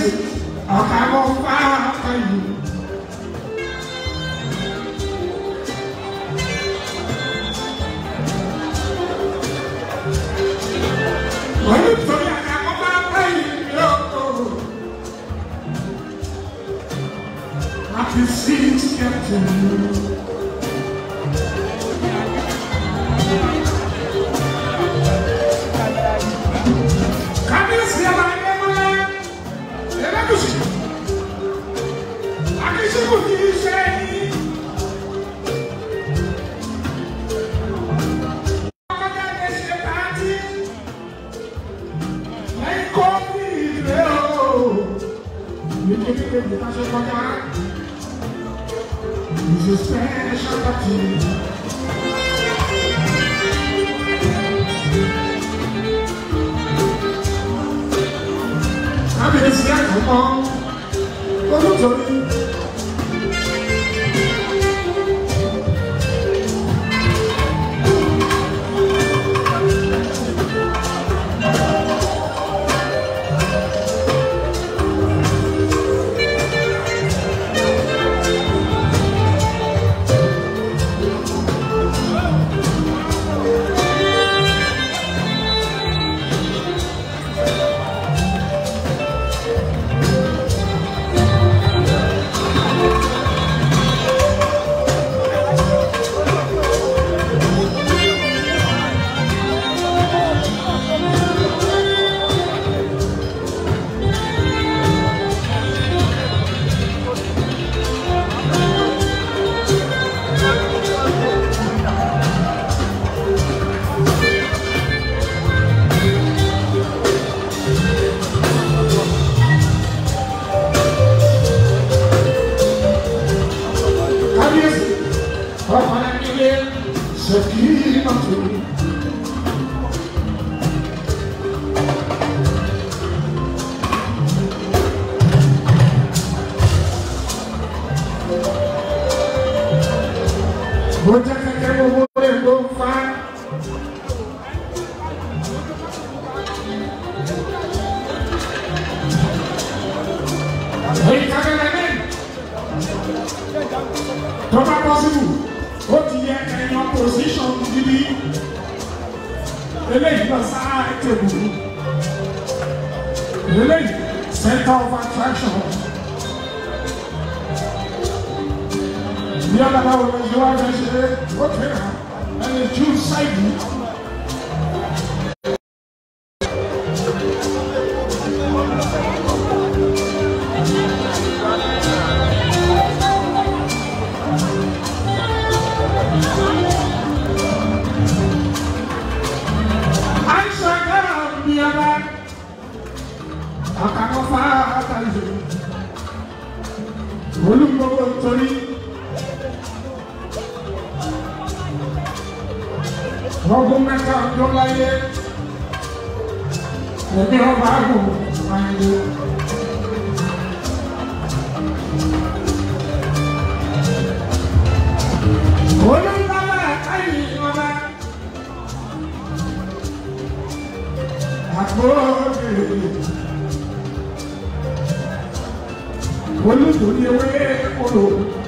Thank you. 产品的时间长吗？我都做。you. àgbọ̀nrín olùdóni ewé olùdóni.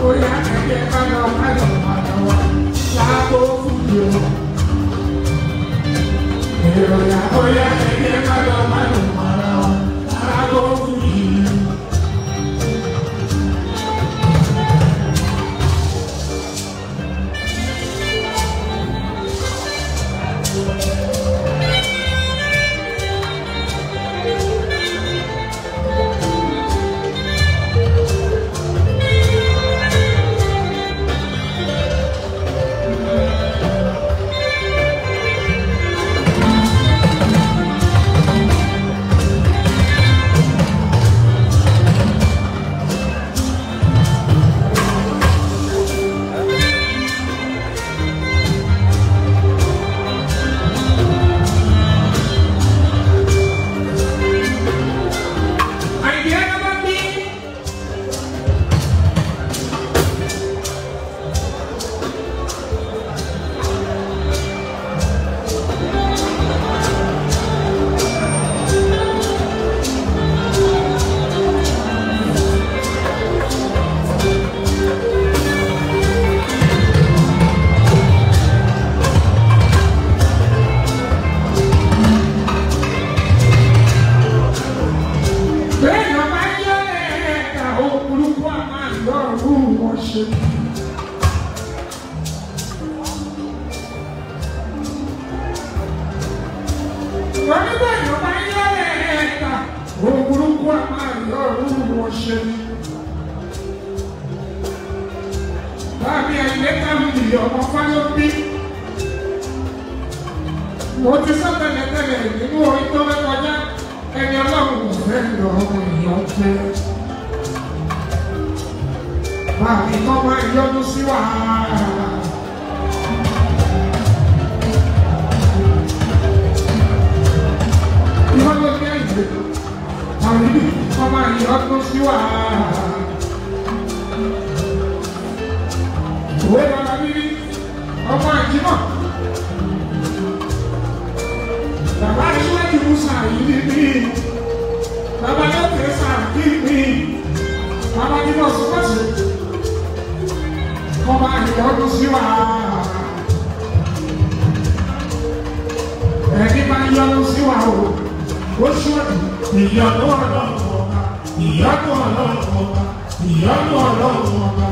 Oh yeah, I can't find out, I don't know, I don't know, I don't know, I don't know, Yo la joya a lleva mano para Màmí kọ́ máa yọdún sí wàhálà. Ìwọ́n ló ní ẹ̀jẹ̀. Màmí kọ́ máa yọdún sí wàhálà. Òwe bàbá mi rí ọmọ àjímọ̀. Bàbá ìwé ìwúsà yìí ní bàbá yóò tẹ̀sà kí ní wọ́n máa yọjú sí wa. Ẹni máa yọjú sí wa o, ó ṣòdì ìyọnu ọlọ́run ọba, ìyọnu ọlọ́run ọba, ìyọnu ọlọ́run ọba,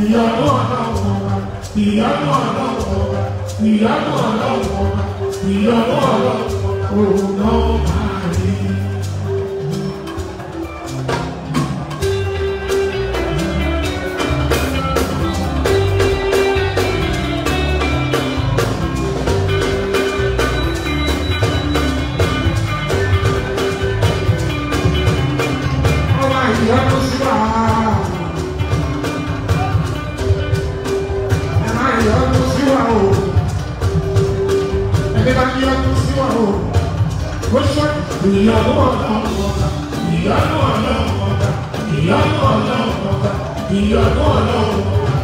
ìyọnu ọlọ́run ọba, ìyọnu ọlọ́run ọba, ìyọnu ọlọ́run ọba, ìyọnu ọlọ́run ọba, òun náà máa rí i.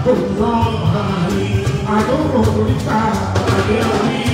go wrong, honey. I don't know if I, I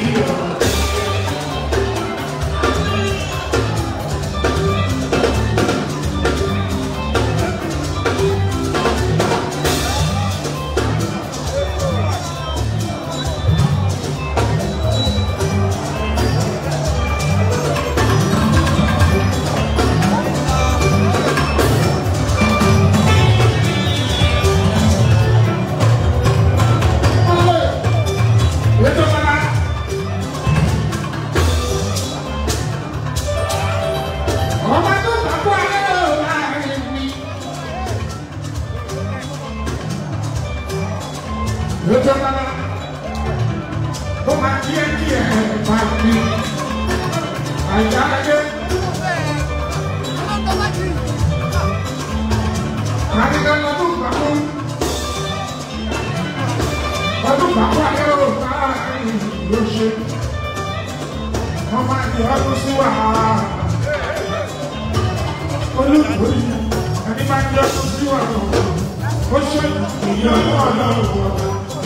lójó nana ó máa díẹ̀ díẹ̀ máa fi àyà ayé. Àdìgbà lọ́dún gbàgbọ́ ọdún gbàgbọ́ akẹ́rọ̀ láàrin ló ṣe wọ́n máa ń yọ ọdún sí wàhálà olùkóyè ẹni máa ń yọ ọdún sí wàhálà ó ṣe ìyọ̀nù ọ̀nà òwò.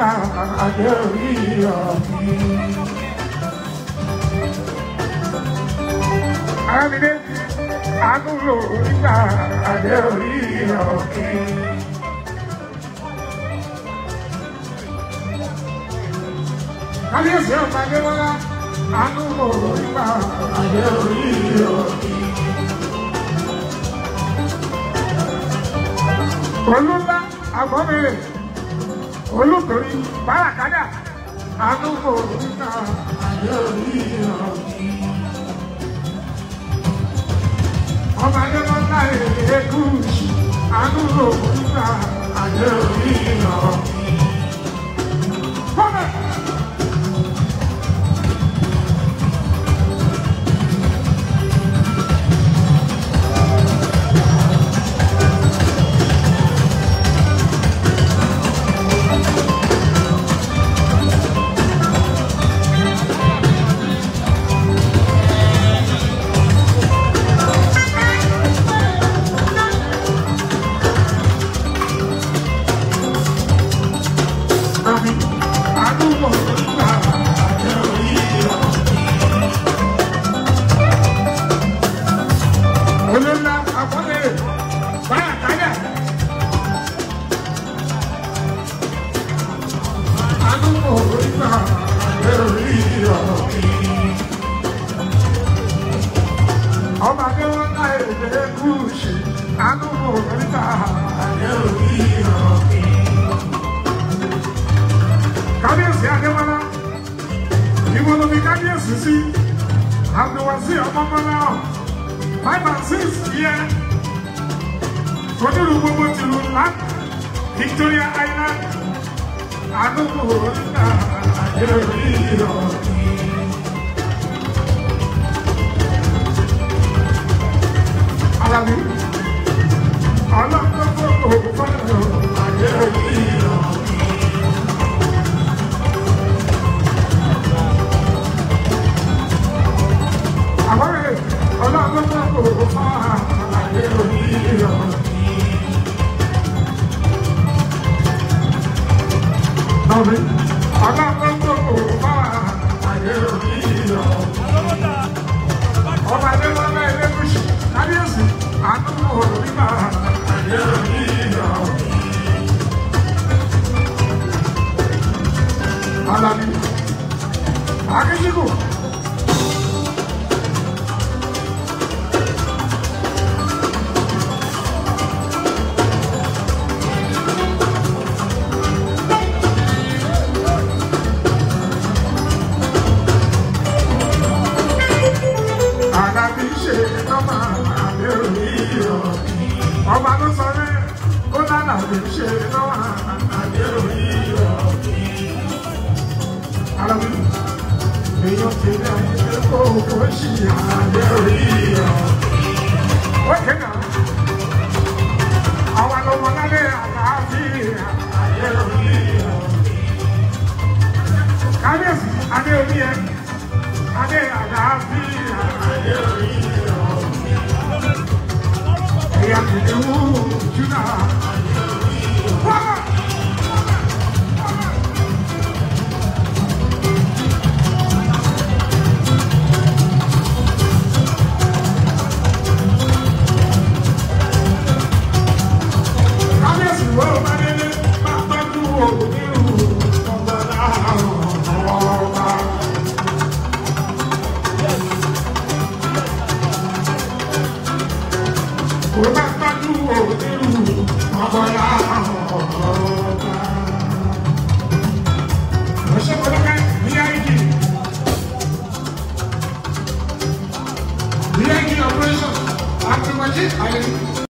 bá àjẹ orí ọ̀gbìn. Arábìnrin àánú lò nígbà àjẹ orí ọ̀gbìn. Kábíyèsí ọ̀pá Adébọ́lá àánú lò nígbà àjẹ orí ọ̀gbìn. Olúwa àgbọ̀mìrì olùtorí bárakádà àdúgbò nígbà àyọ̀rí ọ̀kí. ọmọdé lọ́ta èdè kù àdúgbò nígbà àyọ̀rí ọ̀kí. Hallelujah.